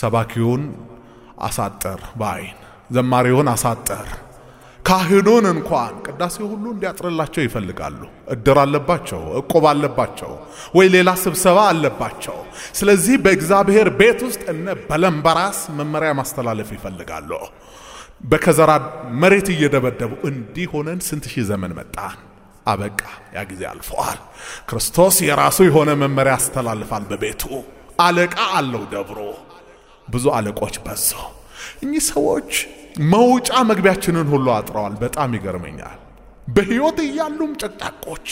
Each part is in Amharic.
ሰባኪውን አሳጠር በአይን ዘማሪውን አሳጠር ካህኑን እንኳን ቅዳሴ ሁሉ እንዲያጥርላቸው ይፈልጋሉ። እድር አለባቸው፣ እቁብ አለባቸው፣ ወይ ሌላ ስብሰባ አለባቸው። ስለዚህ በእግዚአብሔር ቤት ውስጥ እነ በለምበራስ መመሪያ ማስተላለፍ ይፈልጋሉ። በከዘራ መሬት እየደበደቡ እንዲህ ሆነን ስንት ሺህ ዘመን መጣን። አበቃ። ያ ጊዜ አልፈዋል። ክርስቶስ የራሱ የሆነ መመሪያ ያስተላልፋል። በቤቱ አለቃ አለው ደብሮ ብዙ አለቆች በዙ። እኚህ ሰዎች መውጫ መግቢያችንን ሁሉ አጥረዋል። በጣም ይገርመኛል። በሕይወት እያሉም ጨቅጫቆች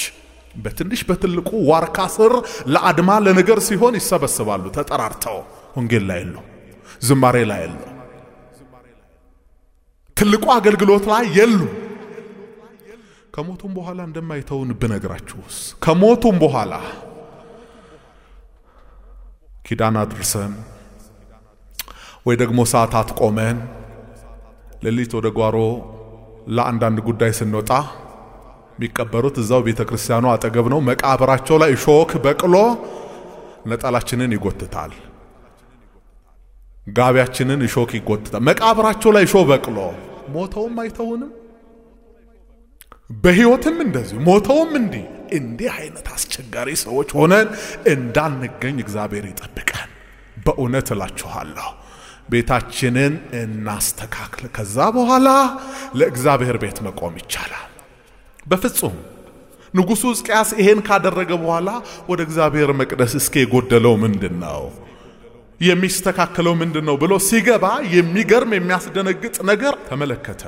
በትንሽ በትልቁ ዋርካ ስር ለአድማ ለነገር ሲሆን ይሰበስባሉ ተጠራርተው። ወንጌል ላይ የሉ፣ ዝማሬ ላይ የሉ፣ ትልቁ አገልግሎት ላይ የሉ። ከሞቱም በኋላ እንደማይተውን ብነግራችሁስ? ከሞቱም በኋላ ኪዳን አድርሰን ወይ ደግሞ ሰዓታት ቆመን ሌሊት ወደ ጓሮ ለአንዳንድ ጉዳይ ስንወጣ የሚቀበሩት እዛው ቤተ ክርስቲያኑ አጠገብ ነው። መቃብራቸው ላይ እሾክ በቅሎ ነጠላችንን ይጎትታል፣ ጋቢያችንን እሾክ ይጎትታል። መቃብራቸው ላይ እሾህ በቅሎ ሞተውም አይተውንም፣ በሕይወትም እንደዚሁ ሞተውም እንዲህ እንዲህ አይነት አስቸጋሪ ሰዎች ሆነን እንዳንገኝ እግዚአብሔር ይጠብቀን። በእውነት እላችኋለሁ ቤታችንን እናስተካክል። ከዛ በኋላ ለእግዚአብሔር ቤት መቆም ይቻላል። በፍጹም ንጉሡ ሕዝቅያስ ይሄን ካደረገ በኋላ ወደ እግዚአብሔር መቅደስ እስከ የጎደለው ምንድን ነው የሚስተካከለው ምንድን ነው ብሎ ሲገባ የሚገርም የሚያስደነግጥ ነገር ተመለከተ።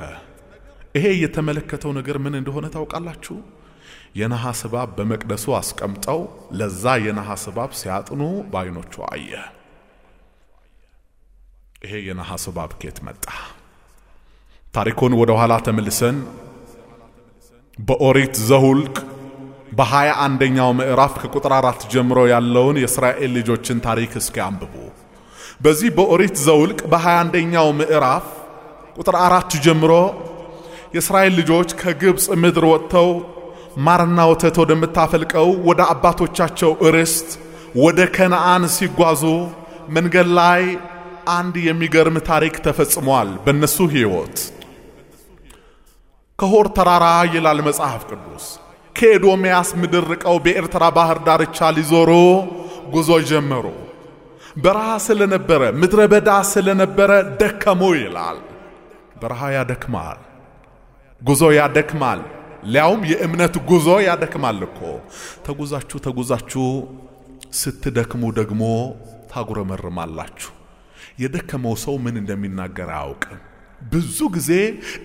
ይሄ የተመለከተው ነገር ምን እንደሆነ ታውቃላችሁ? የነሐስ እባብ በመቅደሱ አስቀምጠው ለዛ የነሐስ እባብ ሲያጥኑ በዓይኖቹ አየ። ይሄ የነሐስ እባብ ከየት መጣ? ታሪኩን ወደ ኋላ ተመልሰን በኦሪት ዘሁልቅ በሀያ አንደኛው ምዕራፍ ከቁጥር አራት ጀምሮ ያለውን የእስራኤል ልጆችን ታሪክ እስኪ አንብቡ። በዚህ በኦሪት ዘውልቅ በሀያ አንደኛው ምዕራፍ ቁጥር አራት ጀምሮ የእስራኤል ልጆች ከግብፅ ምድር ወጥተው ማርና ወተት ወደምታፈልቀው ወደ አባቶቻቸው ርስት ወደ ከነአን ሲጓዙ መንገድ ላይ አንድ የሚገርም ታሪክ ተፈጽሟል በእነሱ ሕይወት። ከሆር ተራራ ይላል መጽሐፍ ቅዱስ ከኤዶምያስ ምድር ርቀው በኤርትራ ባህር ዳርቻ ሊዞሩ ጉዞ ጀመሩ። በረሃ ስለነበረ ምድረ በዳ ስለነበረ ደከሙ ይላል። በረሃ ያደክማል፣ ጉዞ ያደክማል። ሊያውም የእምነት ጉዞ ያደክማል እኮ። ተጉዛችሁ ተጉዛችሁ ስትደክሙ ደግሞ ታጉረመርማላችሁ። የደከመው ሰው ምን እንደሚናገር አያውቅም። ብዙ ጊዜ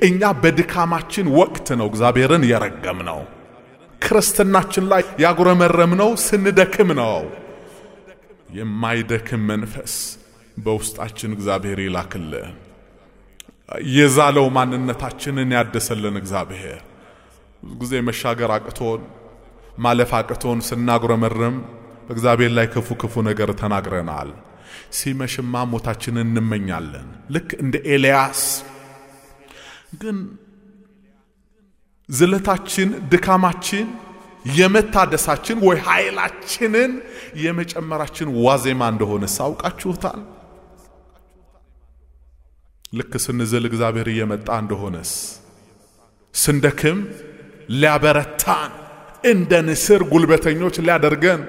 እኛ በድካማችን ወቅት ነው እግዚአብሔርን የረገምነው። ክርስትናችን ላይ ያጉረመረምነው ስንደክም ነው። የማይደክም መንፈስ በውስጣችን እግዚአብሔር ይላክልን። የዛለው ማንነታችንን ያደሰልን እግዚአብሔር ብዙ ጊዜ መሻገር አቅቶን ማለፍ አቅቶን ስናጉረመርም እግዚአብሔር ላይ ክፉ ክፉ ነገር ተናግረናል። ሲመሽማ ሞታችንን እንመኛለን። ልክ እንደ ኤልያስ ግን ዝለታችን፣ ድካማችን የመታደሳችን ወይ ኃይላችንን የመጨመራችን ዋዜማ እንደሆነ ሳውቃችሁታል። ልክ ስንዝል እግዚአብሔር እየመጣ እንደሆነስ ስንደክም ሊያበረታን እንደ ንስር ጉልበተኞች ሊያደርገን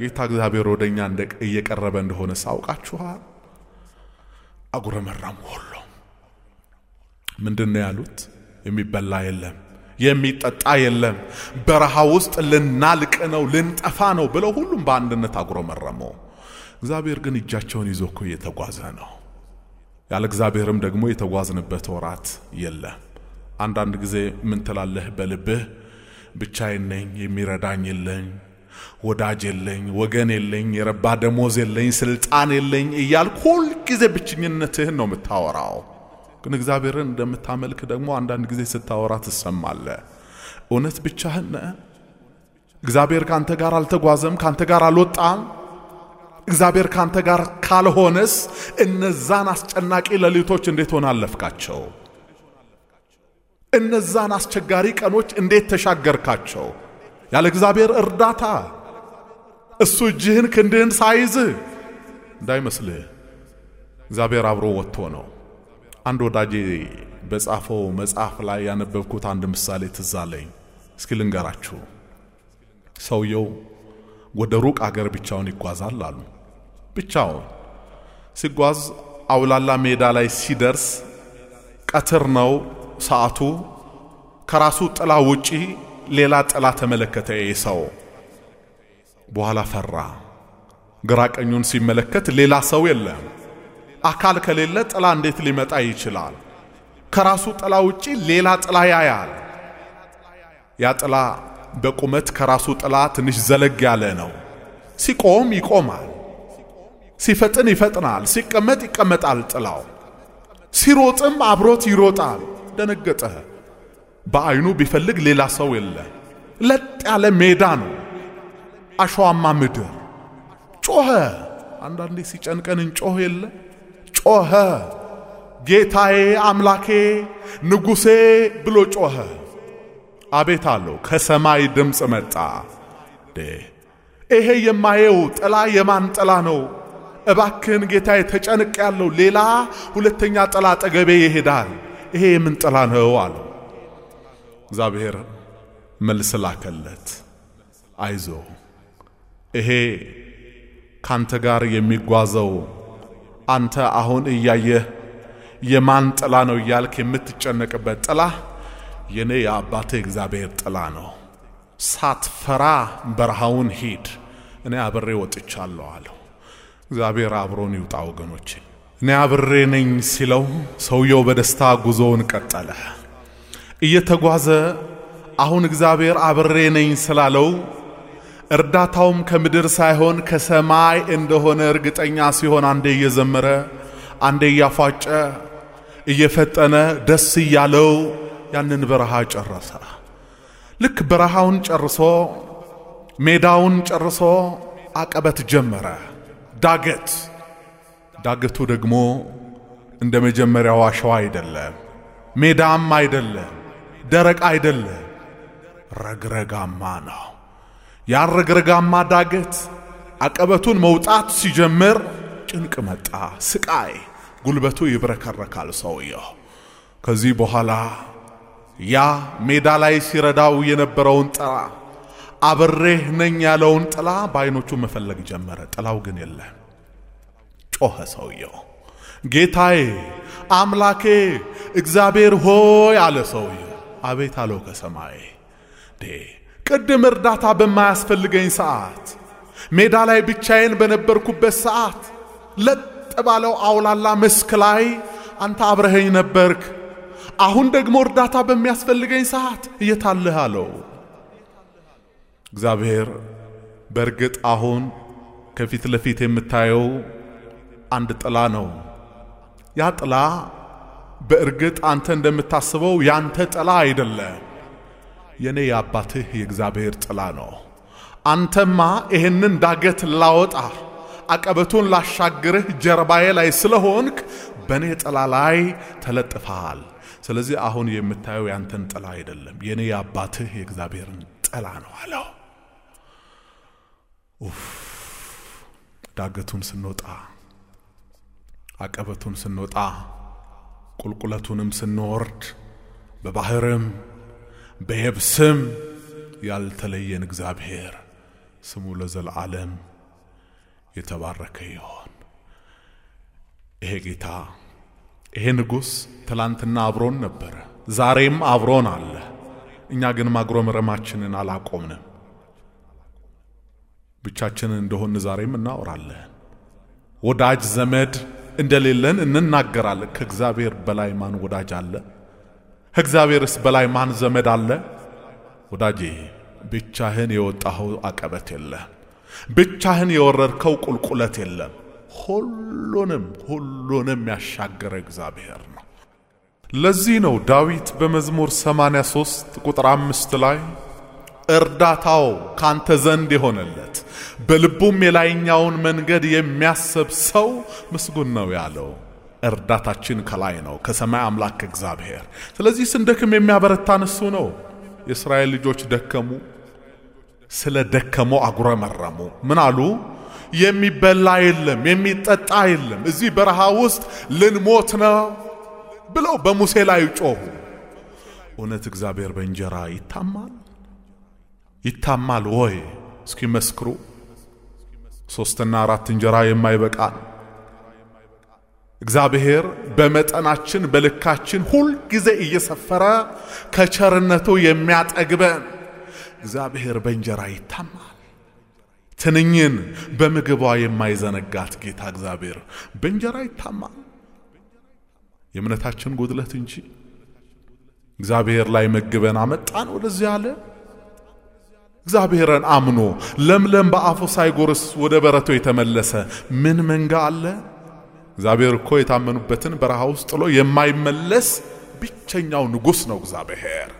ጌታ እግዚአብሔር ወደ እኛ እየቀረበ እንደሆነ ሳውቃችኋል። አጉረመረሙ ሁሉ ምንድን ነው ያሉት? የሚበላ የለም፣ የሚጠጣ የለም፣ በረሃ ውስጥ ልናልቅ ነው፣ ልንጠፋ ነው ብለው ሁሉም በአንድነት አጉረመረሙ። እግዚአብሔር ግን እጃቸውን ይዞ እኮ እየተጓዘ ነው። ያለ እግዚአብሔርም ደግሞ የተጓዝንበት ወራት የለም። አንዳንድ ጊዜ ምን ትላለህ በልብህ? ብቻዬን ነኝ፣ የሚረዳኝ የለኝ ወዳጅ የለኝ፣ ወገን የለኝ፣ የረባ ደሞዝ የለኝ፣ ስልጣን የለኝ እያልክ ጊዜ ብቸኝነትህን ነው የምታወራው። ግን እግዚአብሔርን እንደምታመልክ ደግሞ አንዳንድ ጊዜ ስታወራ ትሰማለ። እውነት ብቻህን እግዚአብሔር ካንተ ጋር አልተጓዘም፣ ካንተ ጋር አልወጣም። እግዚአብሔር ካንተ ጋር ካልሆነስ እነዛን አስጨናቂ ሌሊቶች እንዴት ሆነ አለፍካቸው? እነዛን አስቸጋሪ ቀኖች እንዴት ተሻገርካቸው? ያለ እግዚአብሔር እርዳታ እሱ እጅህን ክንድህን ሳይዝ እንዳይመስልህ እግዚአብሔር አብሮ ወጥቶ ነው። አንድ ወዳጄ በጻፈው መጽሐፍ ላይ ያነበብኩት አንድ ምሳሌ ትዝ አለኝ። እስኪ ልንገራችሁ። ሰውየው ወደ ሩቅ አገር ብቻውን ይጓዛል አሉ። ብቻውን ሲጓዝ አውላላ ሜዳ ላይ ሲደርስ ቀትር ነው ሰዓቱ። ከራሱ ጥላ ውጪ ሌላ ጥላ ተመለከተ ኤሳው። በኋላ ፈራ። ግራቀኙን ሲመለከት ሌላ ሰው የለም። አካል ከሌለ ጥላ እንዴት ሊመጣ ይችላል? ከራሱ ጥላ ውጪ ሌላ ጥላ ያያል። ያ ጥላ በቁመት ከራሱ ጥላ ትንሽ ዘለግ ያለ ነው። ሲቆም ይቆማል፣ ሲፈጥን ይፈጥናል፣ ሲቀመጥ ይቀመጣል። ጥላው ሲሮጥም አብሮት ይሮጣል። ደነገጠ። በአይኑ ቢፈልግ ሌላ ሰው የለ። ለጥ ያለ ሜዳ ነው፣ አሸዋማ ምድር። ጮኸ። አንዳንዴ ሲጨንቀን እንጮህ የለ። ጮኸ፣ ጌታዬ አምላኬ ንጉሴ ብሎ ጮኸ። አቤት አለው። ከሰማይ ድምፅ መጣ። ይሄ የማየው ጥላ የማን ጥላ ነው? እባክህን ጌታዬ ተጨንቅ ያለው ሌላ ሁለተኛ ጥላ አጠገቤ ይሄዳል። ይሄ የምን ጥላ ነው አለው። እግዚአብሔር መልስ ላከለት። አይዞ ይሄ ካንተ ጋር የሚጓዘው አንተ አሁን እያየህ የማን ጥላ ነው እያልክ የምትጨነቅበት ጥላ የኔ የአባቴ እግዚአብሔር ጥላ ነው። ሳትፈራ በረሃውን ሂድ፣ እኔ አብሬ ወጥቻለሁ አለው። እግዚአብሔር አብሮን ይውጣ ወገኖቼ። እኔ አብሬ ነኝ ሲለው ሰውየው በደስታ ጉዞውን ቀጠለ። እየተጓዘ አሁን እግዚአብሔር አብሬ ነኝ ስላለው እርዳታውም ከምድር ሳይሆን ከሰማይ እንደሆነ እርግጠኛ ሲሆን አንዴ እየዘመረ አንዴ እያፏጨ እየፈጠነ ደስ እያለው ያንን በረሃ ጨረሰ። ልክ በረሃውን ጨርሶ ሜዳውን ጨርሶ አቀበት ጀመረ። ዳገት ዳገቱ ደግሞ እንደ መጀመሪያው አሸዋ አይደለም፣ ሜዳም አይደለም። ደረቅ አይደለም፣ ረግረጋማ ነው። ያን ረግረጋማ ዳገት አቀበቱን መውጣት ሲጀምር ጭንቅ መጣ፣ ስቃይ፣ ጉልበቱ ይብረከረካል ሰውየው። ከዚህ በኋላ ያ ሜዳ ላይ ሲረዳው የነበረውን ጥላ አብሬህ ነኝ ያለውን ጥላ በዓይኖቹ መፈለግ ጀመረ። ጥላው ግን የለም። ጮኸ ሰውየው። ጌታዬ አምላኬ እግዚአብሔር ሆይ አለ ሰውየው። አቤት አለው ከሰማይ ዴ ቅድም እርዳታ በማያስፈልገኝ ሰዓት ሜዳ ላይ ብቻዬን በነበርኩበት ሰዓት ለጥ ባለው አውላላ መስክ ላይ አንተ አብረኸኝ ነበርክ። አሁን ደግሞ እርዳታ በሚያስፈልገኝ ሰዓት እየታለህ አለው። እግዚአብሔር በእርግጥ አሁን ከፊት ለፊት የምታየው አንድ ጥላ ነው። ያ ጥላ በእርግጥ አንተ እንደምታስበው ያንተ ጥላ አይደለም፣ የእኔ የአባትህ የእግዚአብሔር ጥላ ነው። አንተማ ይህንን ዳገት ላወጣ አቀበቱን ላሻግርህ ጀርባዬ ላይ ስለሆንክ በእኔ ጥላ ላይ ተለጥፈሃል። ስለዚህ አሁን የምታየው ያንተን ጥላ አይደለም፣ የእኔ የአባትህ የእግዚአብሔርን ጥላ ነው አለው። ዳገቱን ስንወጣ አቀበቱን ስንወጣ ቁልቁለቱንም ስንወርድ በባህርም በየብስም ያልተለየን እግዚአብሔር ስሙ ለዘለዓለም የተባረከ ይሆን። ይሄ ጌታ ይሄ ንጉሥ ትላንትና አብሮን ነበረ፣ ዛሬም አብሮን አለ። እኛ ግን ማጉረምረማችንን አላቆምንም። ብቻችንን እንደሆን ዛሬም እናወራለን። ወዳጅ ዘመድ እንደሌለን እንናገራለን። ከእግዚአብሔር በላይ ማን ወዳጅ አለ? ከእግዚአብሔርስ በላይ ማን ዘመድ አለ? ወዳጄ ብቻህን የወጣኸው አቀበት የለም። ብቻህን የወረድከው ቁልቁለት የለም። ሁሉንም ሁሉንም ያሻገረ እግዚአብሔር ነው። ለዚህ ነው ዳዊት በመዝሙር 83 ቁጥር አምስት ላይ እርዳታው ካንተ ዘንድ የሆነለት በልቡም የላይኛውን መንገድ የሚያስብ ሰው ምስጉን ነው ያለው። እርዳታችን ከላይ ነው ከሰማይ አምላክ እግዚአብሔር። ስለዚህ ስንደክም የሚያበረታን እሱ ነው። የእስራኤል ልጆች ደከሙ። ስለ ደከሙ አጉረመረሙ። ምን አሉ? የሚበላ የለም፣ የሚጠጣ የለም፣ እዚህ በረሃ ውስጥ ልንሞት ነው ብለው በሙሴ ላይ ጮሁ። እውነት እግዚአብሔር በእንጀራ ይታማል? ይታማል ወይ እስኪመስክሩ ሶስትና አራት እንጀራ የማይበቃን እግዚአብሔር በመጠናችን በልካችን ሁል ጊዜ እየሰፈረ ከቸርነቱ የሚያጠግበን እግዚአብሔር በእንጀራ ይታማል። ትንኝን በምግቧ የማይዘነጋት ጌታ እግዚአብሔር በእንጀራ ይታማል። የእምነታችን ጉድለት እንጂ እግዚአብሔር ላይ መግበን አመጣን ወደዚህ አለ። እግዚአብሔርን አምኖ ለምለም በአፉ ሳይጎርስ ወደ በረቶ የተመለሰ ምን መንጋ አለ? እግዚአብሔር እኮ የታመኑበትን በረሃ ውስጥ ጥሎ የማይመለስ ብቸኛው ንጉሥ ነው። እግዚአብሔር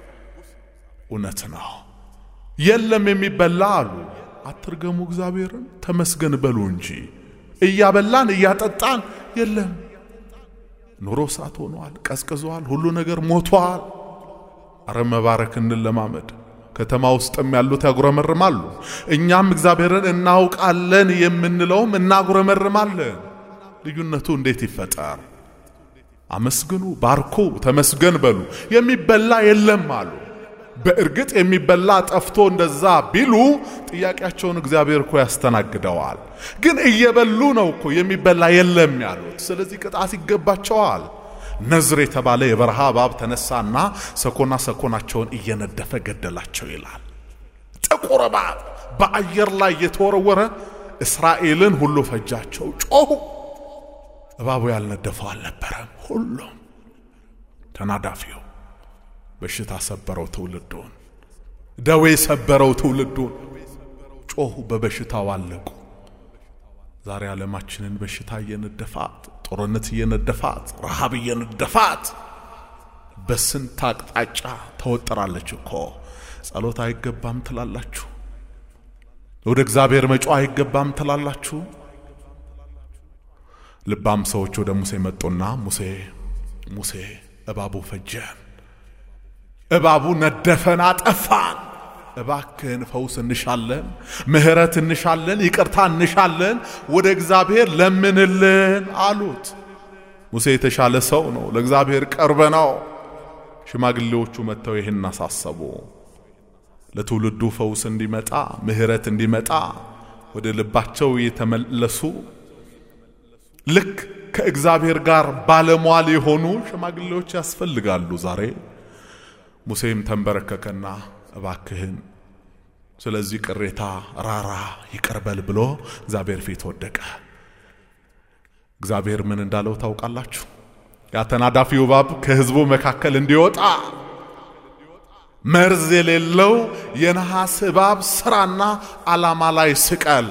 እውነት ነው። የለም የሚበላ አሉ። አትርገሙ፣ እግዚአብሔርን ተመስገን በሉ እንጂ እያበላን እያጠጣን የለም። ኑሮ እሳት ሆኗል፣ ቀዝቅዟል፣ ሁሉ ነገር ሞቷል። አረ መባረክ እንለማመድ። ከተማ ውስጥም ያሉት ያጉረመርማሉ። እኛም እግዚአብሔርን እናውቃለን የምንለውም እናጉረመርማለን። ልዩነቱ እንዴት ይፈጠር? አመስግኑ፣ ባርኩ፣ ተመስገን በሉ። የሚበላ የለም አሉ። በእርግጥ የሚበላ ጠፍቶ እንደዛ ቢሉ ጥያቄያቸውን እግዚአብሔር እኮ ያስተናግደዋል። ግን እየበሉ ነው እኮ የሚበላ የለም ያሉት። ስለዚህ ቅጣት ይገባቸዋል። ነዝር የተባለ የበረሃ እባብ ተነሳና ሰኮና ሰኮናቸውን እየነደፈ ገደላቸው ይላል። ጥቁር እባብ በአየር ላይ የተወረወረ እስራኤልን ሁሉ ፈጃቸው። ጮሁ። እባቡ ያልነደፈው አልነበረም። ሁሉም ተናዳፊው በሽታ ሰበረው ትውልዱን፣ ደዌ ሰበረው ትውልዱን። ጮሁ፣ በበሽታው አለቁ። ዛሬ ዓለማችንን በሽታ እየነደፋት ጦርነት እየነደፋት ረሃብ እየነደፋት በስንት አቅጣጫ ተወጠራለች እኮ። ጸሎት አይገባም ትላላችሁ፣ ወደ እግዚአብሔር መጮ አይገባም ትላላችሁ። ልባም ሰዎች ወደ ሙሴ መጡና ሙሴ ሙሴ እባቡ ፈጀን፣ እባቡ ነደፈን፣ አጠፋን እባክህን ፈውስ እንሻለን፣ ምህረት እንሻለን፣ ይቅርታ እንሻለን፣ ወደ እግዚአብሔር ለምንልን አሉት። ሙሴ የተሻለ ሰው ነው፣ ለእግዚአብሔር ቅርብ ነው። ሽማግሌዎቹ መጥተው ይህን አሳሰቡ። ለትውልዱ ፈውስ እንዲመጣ፣ ምህረት እንዲመጣ ወደ ልባቸው የተመለሱ ልክ ከእግዚአብሔር ጋር ባለሟል የሆኑ ሽማግሌዎች ያስፈልጋሉ ዛሬ። ሙሴም ተንበረከከና እባክህን ስለዚህ ቅሬታ ራራ ይቀርበል ብሎ እግዚአብሔር ፊት ወደቀ። እግዚአብሔር ምን እንዳለው ታውቃላችሁ? ያተናዳፊው እባብ ከህዝቡ መካከል እንዲወጣ መርዝ የሌለው የነሐስ እባብ ስራና ዓላማ ላይ ስቀል።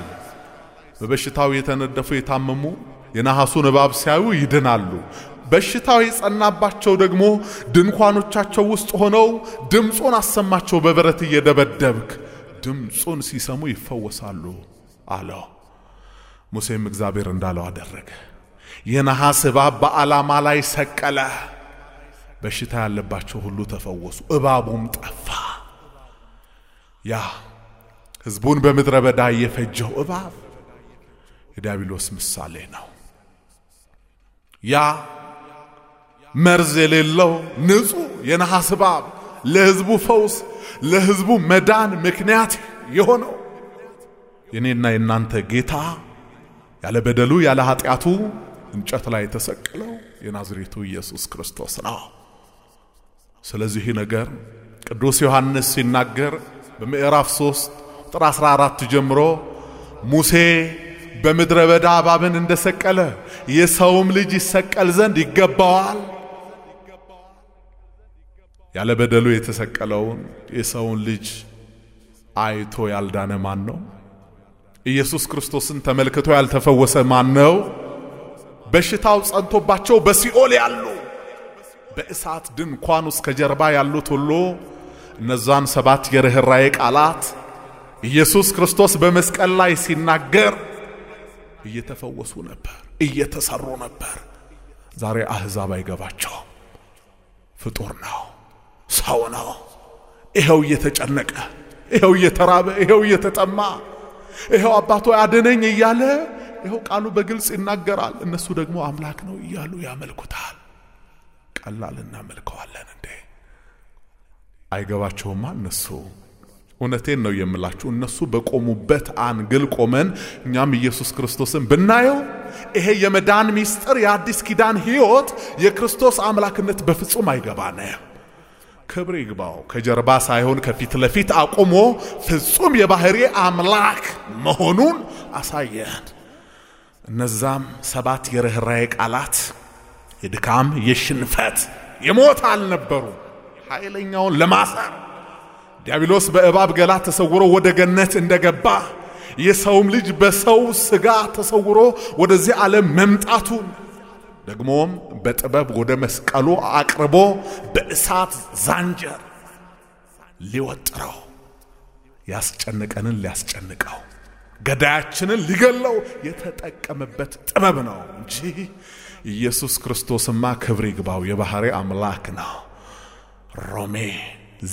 በበሽታው የተነደፉ የታመሙ የነሐሱን እባብ ሲያዩ ይድናሉ። በሽታው የጸናባቸው ደግሞ ድንኳኖቻቸው ውስጥ ሆነው ድምፁን አሰማቸው በብረት እየደበደብክ። ድምፁን ሲሰሙ ይፈወሳሉ አለው። ሙሴም እግዚአብሔር እንዳለው አደረገ። የነሐስ እባብ በዓላማ ላይ ሰቀለ። በሽታ ያለባቸው ሁሉ ተፈወሱ፣ እባቡም ጠፋ። ያ ሕዝቡን በምድረ በዳ የፈጀው እባብ የዲያብሎስ ምሳሌ ነው ያ መርዝ የሌለው ንጹሕ የነሐስ እባብ ለሕዝቡ ፈውስ ለሕዝቡ መዳን ምክንያት የሆነው የኔና የእናንተ ጌታ ያለ በደሉ ያለ ኃጢአቱ እንጨት ላይ የተሰቀለው የናዝሬቱ ኢየሱስ ክርስቶስ ነው። ስለዚህ ነገር ቅዱስ ዮሐንስ ሲናገር በምዕራፍ 3 ቁጥር 14 ጀምሮ ሙሴ በምድረ በዳ እባብን እንደሰቀለ የሰውም ልጅ ይሰቀል ዘንድ ይገባዋል ያለ በደሉ የተሰቀለውን የሰውን ልጅ አይቶ ያልዳነ ማን ነው? ኢየሱስ ክርስቶስን ተመልክቶ ያልተፈወሰ ማን ነው? በሽታው ጸንቶባቸው በሲኦል ያሉ በእሳት ድንኳን ውስጥ ከጀርባ ያሉት ሁሉ እነዛን ሰባት የርኅራዬ ቃላት ኢየሱስ ክርስቶስ በመስቀል ላይ ሲናገር እየተፈወሱ ነበር፣ እየተሰሩ ነበር። ዛሬ አሕዛብ አይገባቸውም። ፍጡር ነው። ሰው ነው። ይኸው እየተጨነቀ፣ ይኸው እየተራበ፣ ይኸው እየተጠማ፣ ይኸው አባቶ አድነኝ እያለ ይኸው ቃሉ በግልጽ ይናገራል። እነሱ ደግሞ አምላክ ነው እያሉ ያመልኩታል። ቀላል እናመልከዋለን እንዴ? አይገባቸውማ እነሱ። እውነቴን ነው የምላችሁ። እነሱ በቆሙበት አንግል ቆመን እኛም ኢየሱስ ክርስቶስን ብናየው ይሄ የመዳን ሚስጥር የአዲስ ኪዳን ሕይወት የክርስቶስ አምላክነት በፍጹም አይገባንም። ክብር ይግባው። ከጀርባ ሳይሆን ከፊት ለፊት አቁሞ ፍጹም የባህሪ አምላክ መሆኑን አሳየን። እነዛም ሰባት የርኅራዬ ቃላት የድካም፣ የሽንፈት፣ የሞት አልነበሩ። ኃይለኛውን ለማሰር ዲያብሎስ በእባብ ገላ ተሰውሮ ወደ ገነት እንደገባ የሰውም ልጅ በሰው ሥጋ ተሰውሮ ወደዚህ ዓለም መምጣቱን ደግሞም በጥበብ ወደ መስቀሉ አቅርቦ በእሳት ዛንጀር ሊወጥረው ያስጨንቀንን ሊያስጨንቀው ገዳያችንን ሊገለው የተጠቀመበት ጥበብ ነው እንጂ ኢየሱስ ክርስቶስማ ክብር ይግባው የባህሪ አምላክ ነው። ሮሜ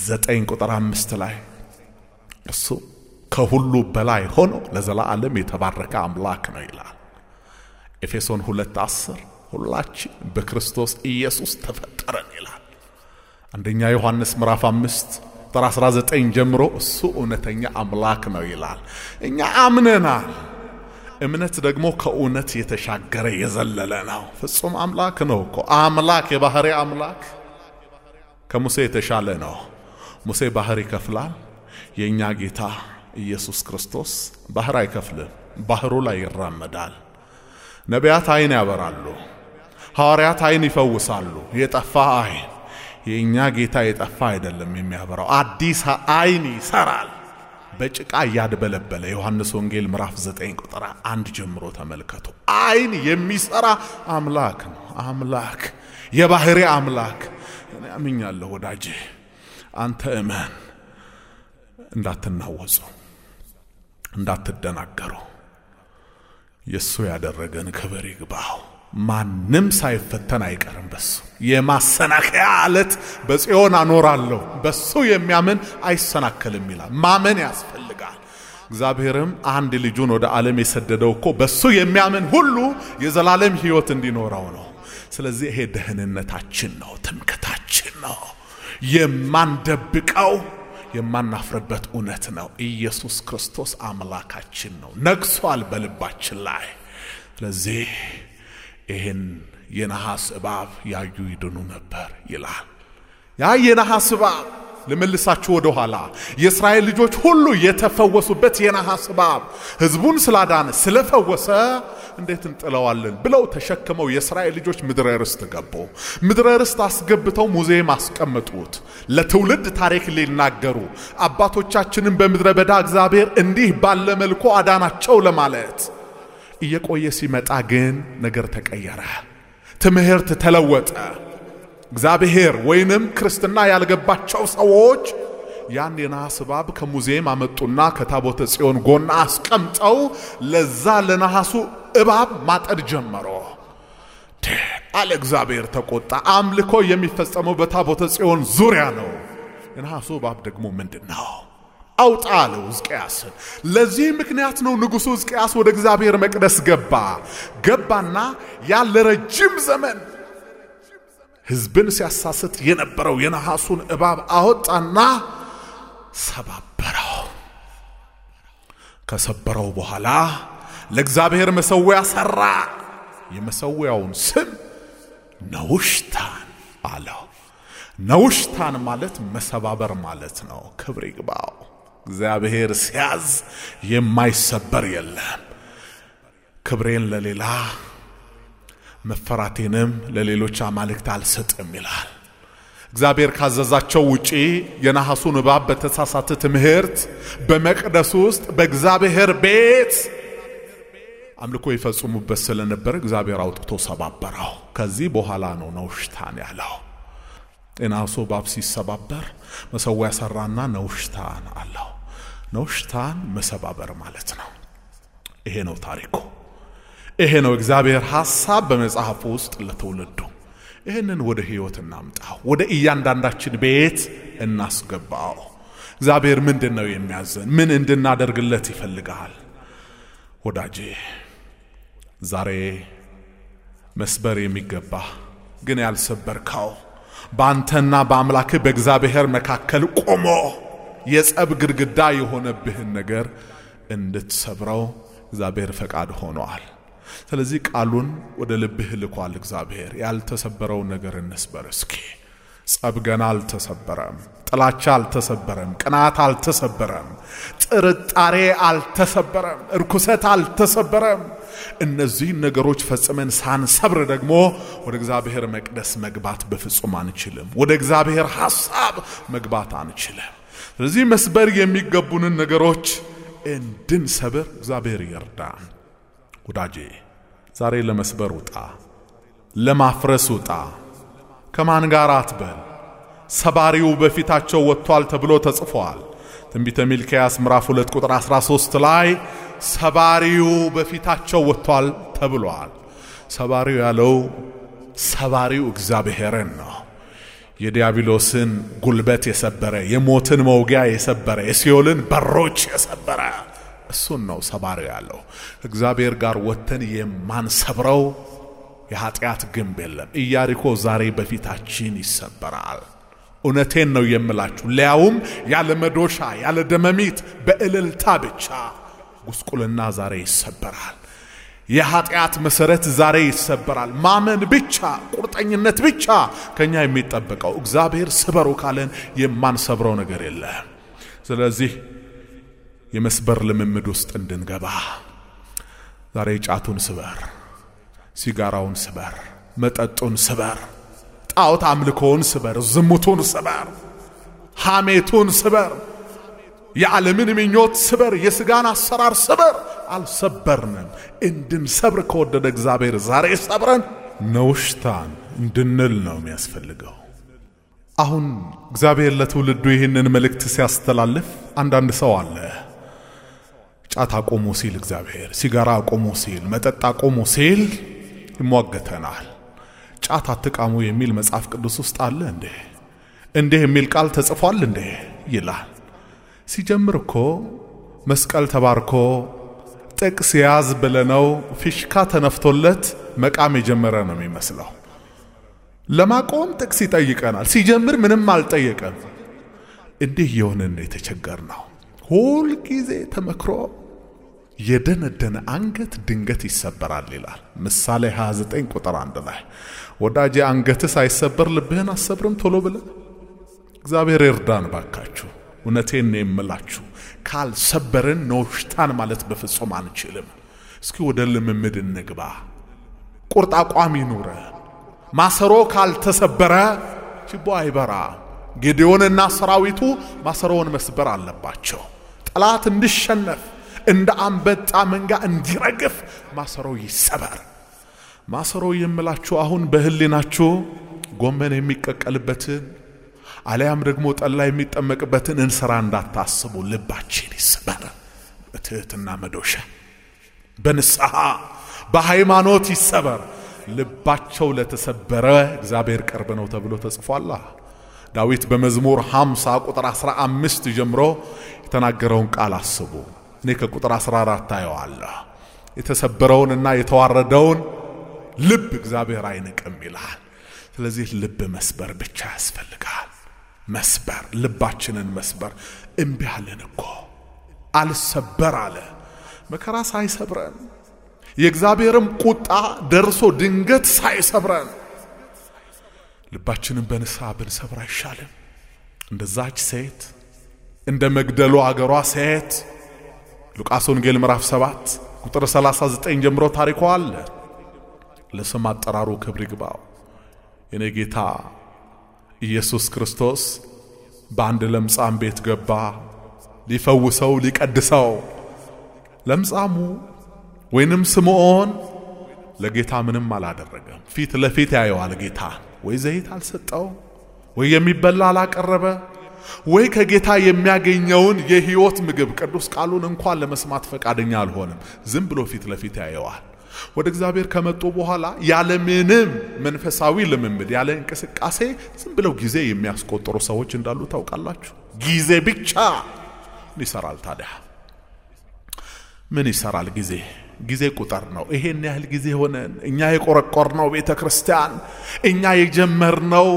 ዘጠኝ ቁጥር አምስት ላይ እሱ ከሁሉ በላይ ሆኖ ለዘላለም የተባረከ አምላክ ነው ይላል። ኤፌሶን ሁለት አስር ሁላችን በክርስቶስ ኢየሱስ ተፈጠረን ይላል። አንደኛ ዮሐንስ ምዕራፍ አምስት ቁጥር 19 ጀምሮ እሱ እውነተኛ አምላክ ነው ይላል። እኛ አምነናል። እምነት ደግሞ ከእውነት የተሻገረ የዘለለ ነው። ፍጹም አምላክ ነው እኮ አምላክ፣ የባህሪ አምላክ ከሙሴ የተሻለ ነው። ሙሴ ባህር ይከፍላል። የእኛ ጌታ ኢየሱስ ክርስቶስ ባህር አይከፍልም። ባህሩ ላይ ይራመዳል። ነቢያት ዓይን ያበራሉ። ሐዋርያት አይን ይፈውሳሉ። የጠፋ አይን የእኛ ጌታ የጠፋ አይደለም የሚያበራው፣ አዲስ አይን ይሰራል። በጭቃ እያድበለበለ ዮሐንስ ወንጌል ምዕራፍ 9 ቁጥር አንድ ጀምሮ ተመልከቱ። አይን የሚሰራ አምላክ ነው። አምላክ የባህሪ አምላክ እኔ አምኛለሁ። ወዳጄ አንተ እመን። እንዳትናወጹ፣ እንዳትደናገሩ። የእሱ ያደረገን ክብር ይግባው። ማንም ሳይፈተን አይቀርም። በሱ የማሰናከያ አለት በጽዮን አኖራለሁ፣ በሱ የሚያምን አይሰናከልም ይላል። ማመን ያስፈልጋል። እግዚአብሔርም አንድ ልጁን ወደ ዓለም የሰደደው እኮ በሱ የሚያምን ሁሉ የዘላለም ሕይወት እንዲኖረው ነው። ስለዚህ ይሄ ደህንነታችን ነው፣ ትምክታችን ነው፣ የማንደብቀው የማናፍርበት እውነት ነው። ኢየሱስ ክርስቶስ አምላካችን ነው፣ ነግሷል በልባችን ላይ። ስለዚህ ይህን የነሐስ እባብ ያዩ ይድኑ ነበር ይላል። ያ የነሐስ እባብ ልመልሳችሁ ወደ ኋላ የእስራኤል ልጆች ሁሉ የተፈወሱበት የነሐስ እባብ ሕዝቡን ስላዳነ ስለፈወሰ እንዴት እንጥለዋለን ብለው ተሸክመው የእስራኤል ልጆች ምድረ ርስት ገቡ። ምድረ ርስት አስገብተው ሙዚየም አስቀምጡት፣ ለትውልድ ታሪክ ሊናገሩ አባቶቻችንን በምድረ በዳ እግዚአብሔር እንዲህ ባለ መልኩ አዳናቸው ለማለት እየቆየ ሲመጣ ግን ነገር ተቀየረ፣ ትምህርት ተለወጠ። እግዚአብሔር ወይንም ክርስትና ያልገባቸው ሰዎች ያን የነሐስ እባብ ከሙዚየም አመጡና ከታቦተ ጽዮን ጎና አስቀምጠው ለዛ ለነሐሱ እባብ ማጠድ ጀመሮ አለ። እግዚአብሔር ተቆጣ። አምልኮ የሚፈጸመው በታቦተ ጽዮን ዙሪያ ነው። የነሐሱ እባብ ደግሞ ምንድን ነው? አውጣ አለው ሕዝቅያስን። ለዚህ ምክንያት ነው ንጉሡ ሕዝቅያስ ወደ እግዚአብሔር መቅደስ ገባ። ገባና ያለ ረጅም ዘመን ሕዝብን ሲያሳስት የነበረው የነሐሱን እባብ አወጣና ሰባበረው። ከሰበረው በኋላ ለእግዚአብሔር መሠዊያ ሠራ። የመሠዊያውን ስም ነውሽታን አለው። ነውሽታን ማለት መሰባበር ማለት ነው። ክብር ይግባው። እግዚአብሔር ሲያዝ የማይሰበር የለም። ክብሬን ለሌላ መፈራቴንም ለሌሎች አማልክት አልሰጥም ይላል። እግዚአብሔር ካዘዛቸው ውጪ የነሐሱን እባብ በተሳሳተ ትምህርት በመቅደስ ውስጥ በእግዚአብሔር ቤት አምልኮ ይፈጽሙበት ስለነበረ እግዚአብሔር አውጥቶ ሰባበረው። ከዚህ በኋላ ነው ነውሽታን ያለው። የነሐሱ እባብ ሲሰባበር መሰዊያ ሰራና ነውሽታን አለው። ነው ሽታን መሰባበር ማለት ነው። ይሄ ነው ታሪኩ። ይሄ ነው እግዚአብሔር ሐሳብ በመጽሐፉ ውስጥ ለትውልዱ። ይህንን ወደ ሕይወት እናምጣው፣ ወደ እያንዳንዳችን ቤት እናስገባው። እግዚአብሔር ምንድን ነው የሚያዘን? ምን እንድናደርግለት ይፈልጋል? ወዳጄ ዛሬ መስበር የሚገባ ግን ያልሰበርካው በአንተና በአምላክህ በእግዚአብሔር መካከል ቆሞ የጸብ ግድግዳ የሆነብህን ነገር እንድትሰብረው እግዚአብሔር ፈቃድ ሆኗል ስለዚህ ቃሉን ወደ ልብህ ልኳል እግዚአብሔር። ያልተሰበረው ነገር እንስበር እስኪ። ጸብ ገና አልተሰበረም። ጥላቻ አልተሰበረም። ቅናት አልተሰበረም። ጥርጣሬ አልተሰበረም። እርኩሰት አልተሰበረም። እነዚህን ነገሮች ፈጽመን ሳንሰብር ደግሞ ወደ እግዚአብሔር መቅደስ መግባት በፍጹም አንችልም። ወደ እግዚአብሔር ሐሳብ መግባት አንችልም። ስለዚህ መስበር የሚገቡንን ነገሮች እንድንሰብር እግዚአብሔር ይርዳ። ወዳጄ ዛሬ ለመስበር ውጣ፣ ለማፍረስ ውጣ። ከማን ጋር አትበል። ሰባሪው በፊታቸው ወጥቷል ተብሎ ተጽፏል። ትንቢተ ሚልክያስ ምዕራፍ 2 ቁጥር 13 ላይ ሰባሪው በፊታቸው ወጥቷል ተብሏል። ሰባሪው ያለው ሰባሪው እግዚአብሔርን ነው። የዲያብሎስን ጉልበት የሰበረ የሞትን መውጊያ የሰበረ የሲኦልን በሮች የሰበረ እሱን ነው ሰባሪው ያለው። እግዚአብሔር ጋር ወጥተን የማንሰብረው የኃጢአት ግንብ የለም። እያሪኮ ዛሬ በፊታችን ይሰበራል። እውነቴን ነው የምላችሁ፣ ሊያውም ያለ መዶሻ ያለ ደመሚት በእልልታ ብቻ ጉስቁልና ዛሬ ይሰበራል። የኃጢአት መሰረት ዛሬ ይሰበራል። ማመን ብቻ፣ ቁርጠኝነት ብቻ ከኛ የሚጠበቀው እግዚአብሔር ስበሩ ካለን የማንሰብረው ነገር የለም። ስለዚህ የመስበር ልምምድ ውስጥ እንድንገባ ዛሬ ጫቱን ስበር፣ ሲጋራውን ስበር፣ መጠጡን ስበር፣ ጣዖት አምልኮውን ስበር፣ ዝሙቱን ስበር፣ ሐሜቱን ስበር የዓለምን ምኞት ስበር፣ የሥጋን አሰራር ስበር። አልሰበርንም። እንድንሰብር ከወደደ እግዚአብሔር ዛሬ ሰብረን ነውሽታን እንድንል ነው የሚያስፈልገው። አሁን እግዚአብሔር ለትውልዱ ይህንን መልእክት ሲያስተላልፍ አንዳንድ ሰው አለ ጫት ቆሞ ሲል እግዚአብሔር፣ ሲጋራ ቆሞ ሲል፣ መጠጥ ቆሞ ሲል ይሟገተናል። ጫት አትቃሙ የሚል መጽሐፍ ቅዱስ ውስጥ አለ እንዴ? እንዲህ የሚል ቃል ተጽፏል እንዴ? ይላል። ሲጀምር እኮ መስቀል ተባርኮ ጥቅስ ያዝ ብለነው ፊሽካ ተነፍቶለት መቃም የጀመረ ነው የሚመስለው። ለማቆም ጥቅስ ይጠይቀናል። ሲጀምር ምንም አልጠየቀም። እንዲህ የሆነን የተቸገር ነው። ሁል ጊዜ ተመክሮ የደነደነ አንገት ድንገት ይሰበራል ይላል ምሳሌ 29 ቁጥር አንድ ላይ ወዳጄ አንገትህ ሳይሰበር ልብህን አሰብርም ቶሎ ብለ እግዚአብሔር ይርዳን ባካችሁ። እውነቴን ነው የምላችሁ፣ ካልሰበርን ነውሽታን ማለት በፍጹም አንችልም። እስኪ ወደ ልምምድ እንግባ። ቁርጥ አቋም ማሰሮ ካልተሰበረ ችቦ አይበራ። ጌዲዮንና ሰራዊቱ ማሰሮውን መስበር አለባቸው። ጠላት እንዲሸነፍ እንደ አንበጣ መንጋ እንዲረግፍ ማሰሮ ይሰበር። ማሰሮ የምላችሁ አሁን በህሊናችሁ ጎመን የሚቀቀልበትን አለያም ደግሞ ጠላ የሚጠመቅበትን እንስራ እንዳታስቡ። ልባችን ይሰበር። በትህትና መዶሻ፣ በንስሐ በሃይማኖት ይሰበር። ልባቸው ለተሰበረ እግዚአብሔር ቅርብ ነው ተብሎ ተጽፏላ። ዳዊት በመዝሙር 50 ቁጥር 15 ጀምሮ የተናገረውን ቃል አስቡ። እኔ ከቁጥር 14 ታየዋለሁ። የተሰበረውንና የተዋረደውን ልብ እግዚአብሔር አይንቅም ይላል ስለዚህ ልብ መስበር ብቻ ያስፈልጋል። መስበር፣ ልባችንን መስበር። እምቢ አለን እኮ አልሰበር አለ። መከራ ሳይሰብረን የእግዚአብሔርም ቁጣ ደርሶ ድንገት ሳይሰብረን ልባችንን በንስሐ ብንሰብር አይሻልም? እንደዛች ሴት እንደ መግደሉ አገሯ ሴት ሉቃስ ወንጌል ምዕራፍ 7 ቁጥር 39 ጀምሮ ታሪኮ አለ። ለስም አጠራሩ ክብር ይግባው የኔ ጌታ ኢየሱስ ክርስቶስ በአንድ ለምጻም ቤት ገባ ሊፈውሰው ሊቀድሰው። ለምጻሙ ወይንም ስምዖን ለጌታ ምንም አላደረገም። ፊት ለፊት ያየዋል ጌታ። ወይ ዘይት አልሰጠው፣ ወይ የሚበላ አላቀረበ፣ ወይ ከጌታ የሚያገኘውን የሕይወት ምግብ ቅዱስ ቃሉን እንኳን ለመስማት ፈቃደኛ አልሆንም። ዝም ብሎ ፊት ለፊት ያየዋል። ወደ እግዚአብሔር ከመጡ በኋላ ያለምንም መንፈሳዊ ልምምድ ያለ እንቅስቃሴ ዝም ብለው ጊዜ የሚያስቆጥሩ ሰዎች እንዳሉ ታውቃላችሁ። ጊዜ ብቻ ይሰራል ታዲያ? ምን ይሰራል ጊዜ? ጊዜ ቁጥር ነው። ይሄን ያህል ጊዜ ሆነን እኛ የቆረቆርነው ቤተ ክርስቲያን፣ እኛ የጀመርነው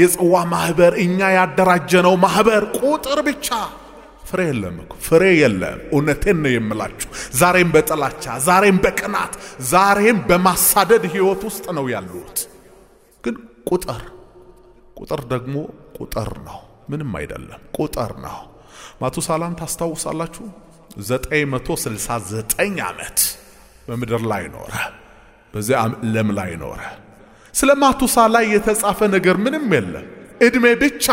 የጽዋ ማህበር፣ እኛ ያደራጀነው ማህበር ቁጥር ብቻ ፍሬ የለም እኮ ፍሬ የለም። እውነቴን ነው የምላችሁ። ዛሬም በጥላቻ ዛሬም በቅናት ዛሬም በማሳደድ ህይወት ውስጥ ነው ያሉት። ግን ቁጥር ቁጥር ደግሞ ቁጥር ነው፣ ምንም አይደለም፣ ቁጥር ነው። ማቱሳላን ታስታውሳላችሁ? 969 ዓመት በምድር ላይ ኖረ፣ በዚያ ዓለም ላይ ኖረ። ስለ ማቱሳላ የተጻፈ ነገር ምንም የለም፣ ዕድሜ ብቻ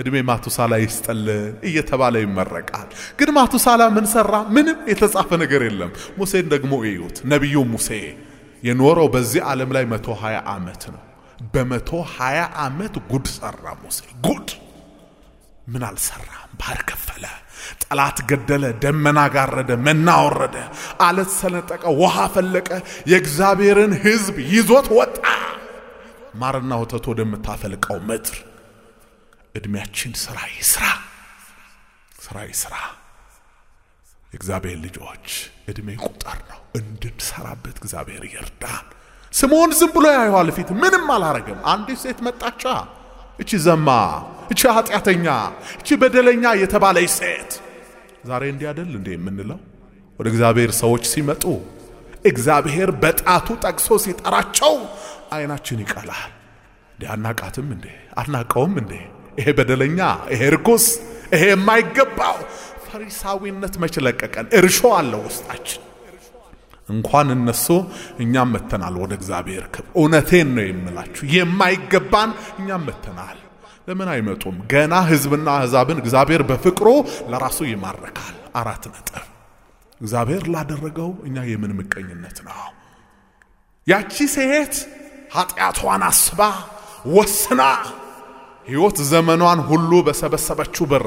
እድሜ ማቱሳላ ይስጠል እየተባለ ይመረቃል። ግን ማቱሳላ ምን ሰራ? ምንም የተጻፈ ነገር የለም። ሙሴን ደግሞ እዩት። ነቢዩ ሙሴ የኖረው በዚህ ዓለም ላይ መቶ ሀያ ዓመት ነው። በመቶ ሀያ ዓመት ጉድ ሰራ ሙሴ ጉድ። ምን አልሰራም? ባህር ከፈለ፣ ጠላት ገደለ፣ ደመና ጋረደ፣ መና ወረደ፣ አለት ሰነጠቀ፣ ውሃ ፈለቀ፣ የእግዚአብሔርን ሕዝብ ይዞት ወጣ ማርና ወተት ወደምታፈልቀው ምድር እድሜያችን ስራ ይስራ፣ ስራ ይስራ። እግዚአብሔር ልጆች እድሜ ቁጥር ነው፣ እንድንሰራበት እግዚአብሔር ይርዳን። ስምዖን ዝም ብሎ ያየዋል፣ ፊት ምንም አላረገም። አንዲት ሴት መጣቻ፣ እቺ ዘማ፣ እቺ ኃጢአተኛ፣ እቺ በደለኛ የተባለች ሴት። ዛሬ እንዲህ አይደል እንዴ የምንለው? ወደ እግዚአብሔር ሰዎች ሲመጡ እግዚአብሔር በጣቱ ጠቅሶ ሲጠራቸው አይናችን ይቀላል። እንዲህ አናቃትም እንዴ? አናቀውም እንዴ? ይሄ በደለኛ፣ ይሄ ርኩስ፣ ይሄ የማይገባው ፈሪሳዊነት መች ለቀቀን? እርሾ አለ ውስጣችን። እንኳን እነሱ እኛም መተናል ወደ እግዚአብሔር ክብር። እውነቴን ነው የምላችሁ፣ የማይገባን እኛም መተናል። ለምን አይመጡም? ገና ህዝብና አሕዛብን እግዚአብሔር በፍቅሩ ለራሱ ይማርካል። አራት ነጥብ። እግዚአብሔር ላደረገው እኛ የምን ምቀኝነት ነው? ያቺ ሴት ኃጢአቷን አስባ ወስና ሕይወት ዘመኗን ሁሉ በሰበሰበችው ብር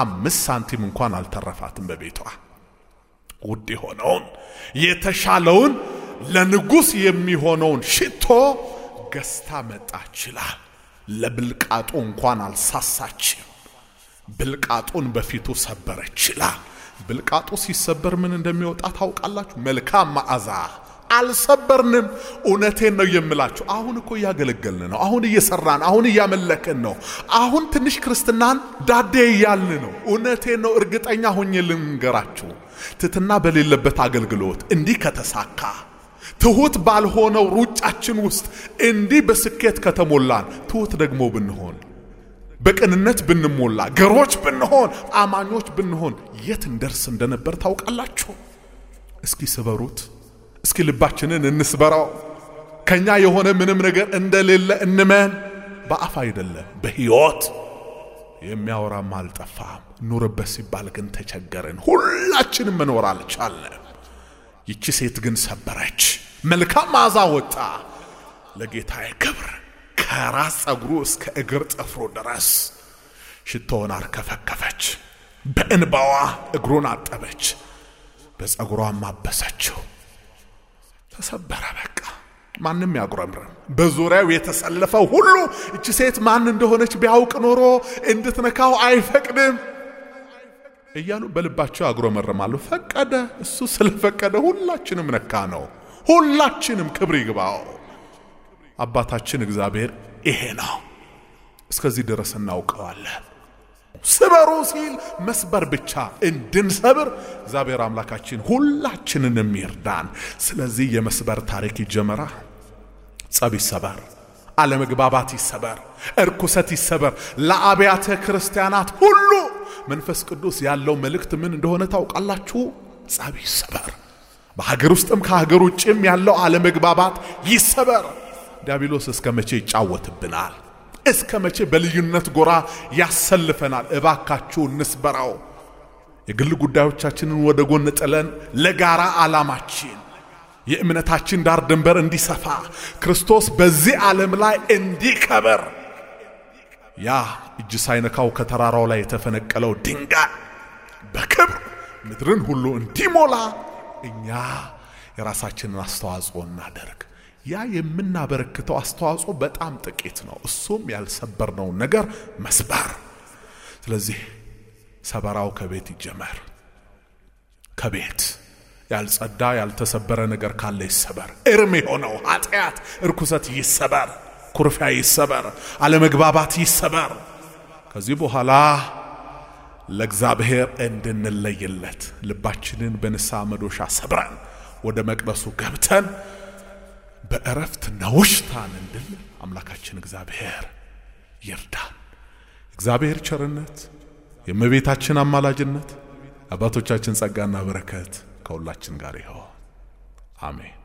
አምስት ሳንቲም እንኳን አልተረፋትም። በቤቷ ውድ የሆነውን የተሻለውን ለንጉሥ የሚሆነውን ሽቶ ገዝታ መጣ ችላል። ለብልቃጡ እንኳን አልሳሳችም። ብልቃጡን በፊቱ ሰበረ ብልቃጡ ሲሰበር ምን እንደሚወጣ ታውቃላችሁ? መልካም መዓዛ አልሰበርንም። እውነቴን ነው የምላችሁ። አሁን እኮ እያገለገልን ነው። አሁን እየሰራን፣ አሁን እያመለክን ነው። አሁን ትንሽ ክርስትናን ዳዴ እያልን ነው። እውነቴን ነው። እርግጠኛ ሆኜ ልንገራችሁ፣ ትትና በሌለበት አገልግሎት እንዲህ ከተሳካ ትሁት ባልሆነው ሩጫችን ውስጥ እንዲህ በስኬት ከተሞላን፣ ትሁት ደግሞ ብንሆን፣ በቅንነት ብንሞላ፣ ገሮች ብንሆን፣ አማኞች ብንሆን የት እንደርስ እንደነበር ታውቃላችሁ? እስኪ ስበሩት። እስኪ ልባችንን እንስበራው። ከኛ የሆነ ምንም ነገር እንደሌለ እንመን። በአፍ አይደለም በሕይወት የሚያወራም አልጠፋም። ኑርበት ሲባል ግን ተቸገርን። ሁላችንም መኖር አልቻለም። ይቺ ሴት ግን ሰበረች። መልካም መዓዛ ወጣ። ለጌታዬ ክብር ከራስ ጸጉሩ እስከ እግር ጥፍሩ ድረስ ሽቶውን አርከፈከፈች። በእንባዋ እግሩን አጠበች፣ በጸጉሯም አበሰችው። ተሰበረ። በቃ ማንም ያጉረምርም? በዙሪያው የተሰለፈው ሁሉ እች ሴት ማን እንደሆነች ቢያውቅ ኖሮ እንድትነካው አይፈቅድም እያሉ በልባቸው አጉረመርማሉ ፈቀደ። እሱ ስለፈቀደ ሁላችንም ነካ ነው። ሁላችንም ክብር ይግባው። አባታችን እግዚአብሔር ይሄ ነው። እስከዚህ ድረስ እናውቀዋለን። ስበሩ ሲል መስበር ብቻ እንድንሰብር እግዚአብሔር አምላካችን ሁላችንንም ይርዳን። ስለዚህ የመስበር ታሪክ ይጀመራ። ጸብ ይሰበር፣ አለመግባባት ይሰበር፣ እርኩሰት ይሰበር። ለአብያተ ክርስቲያናት ሁሉ መንፈስ ቅዱስ ያለው መልእክት ምን እንደሆነ ታውቃላችሁ? ጸብ ይሰበር። በሀገር ውስጥም ከሀገር ውጭም ያለው አለመግባባት ይሰበር። ዲያብሎስ እስከ መቼ ይጫወትብናል? እስከ መቼ በልዩነት ጎራ ያሰልፈናል? እባካችሁ እንስበራው። የግል ጉዳዮቻችንን ወደ ጎን ጥለን ለጋራ ዓላማችን የእምነታችን ዳር ድንበር እንዲሰፋ ክርስቶስ በዚህ ዓለም ላይ እንዲከበር ያ እጅ ሳይነካው ከተራራው ላይ የተፈነቀለው ድንጋይ በክብር ምድርን ሁሉ እንዲሞላ እኛ የራሳችንን አስተዋጽኦ እናደርግ። ያ የምናበረክተው አስተዋጽኦ በጣም ጥቂት ነው። እሱም ያልሰበርነውን ነገር መስበር። ስለዚህ ሰበራው ከቤት ይጀመር። ከቤት ያልጸዳ ያልተሰበረ ነገር ካለ ይሰበር። እርም የሆነው ኃጢአት፣ እርኩሰት ይሰበር፣ ኩርፊያ ይሰበር፣ አለመግባባት ይሰበር። ከዚህ በኋላ ለእግዚአብሔር እንድንለይለት ልባችንን በንስሐ መዶሻ ሰብረን ወደ መቅደሱ ገብተን በእረፍት ነውሽታን እንድል አምላካችን እግዚአብሔር ይርዳን። እግዚአብሔር ቸርነት፣ የእመቤታችን አማላጅነት፣ አባቶቻችን ጸጋና በረከት ከሁላችን ጋር ይሆን። አሜን።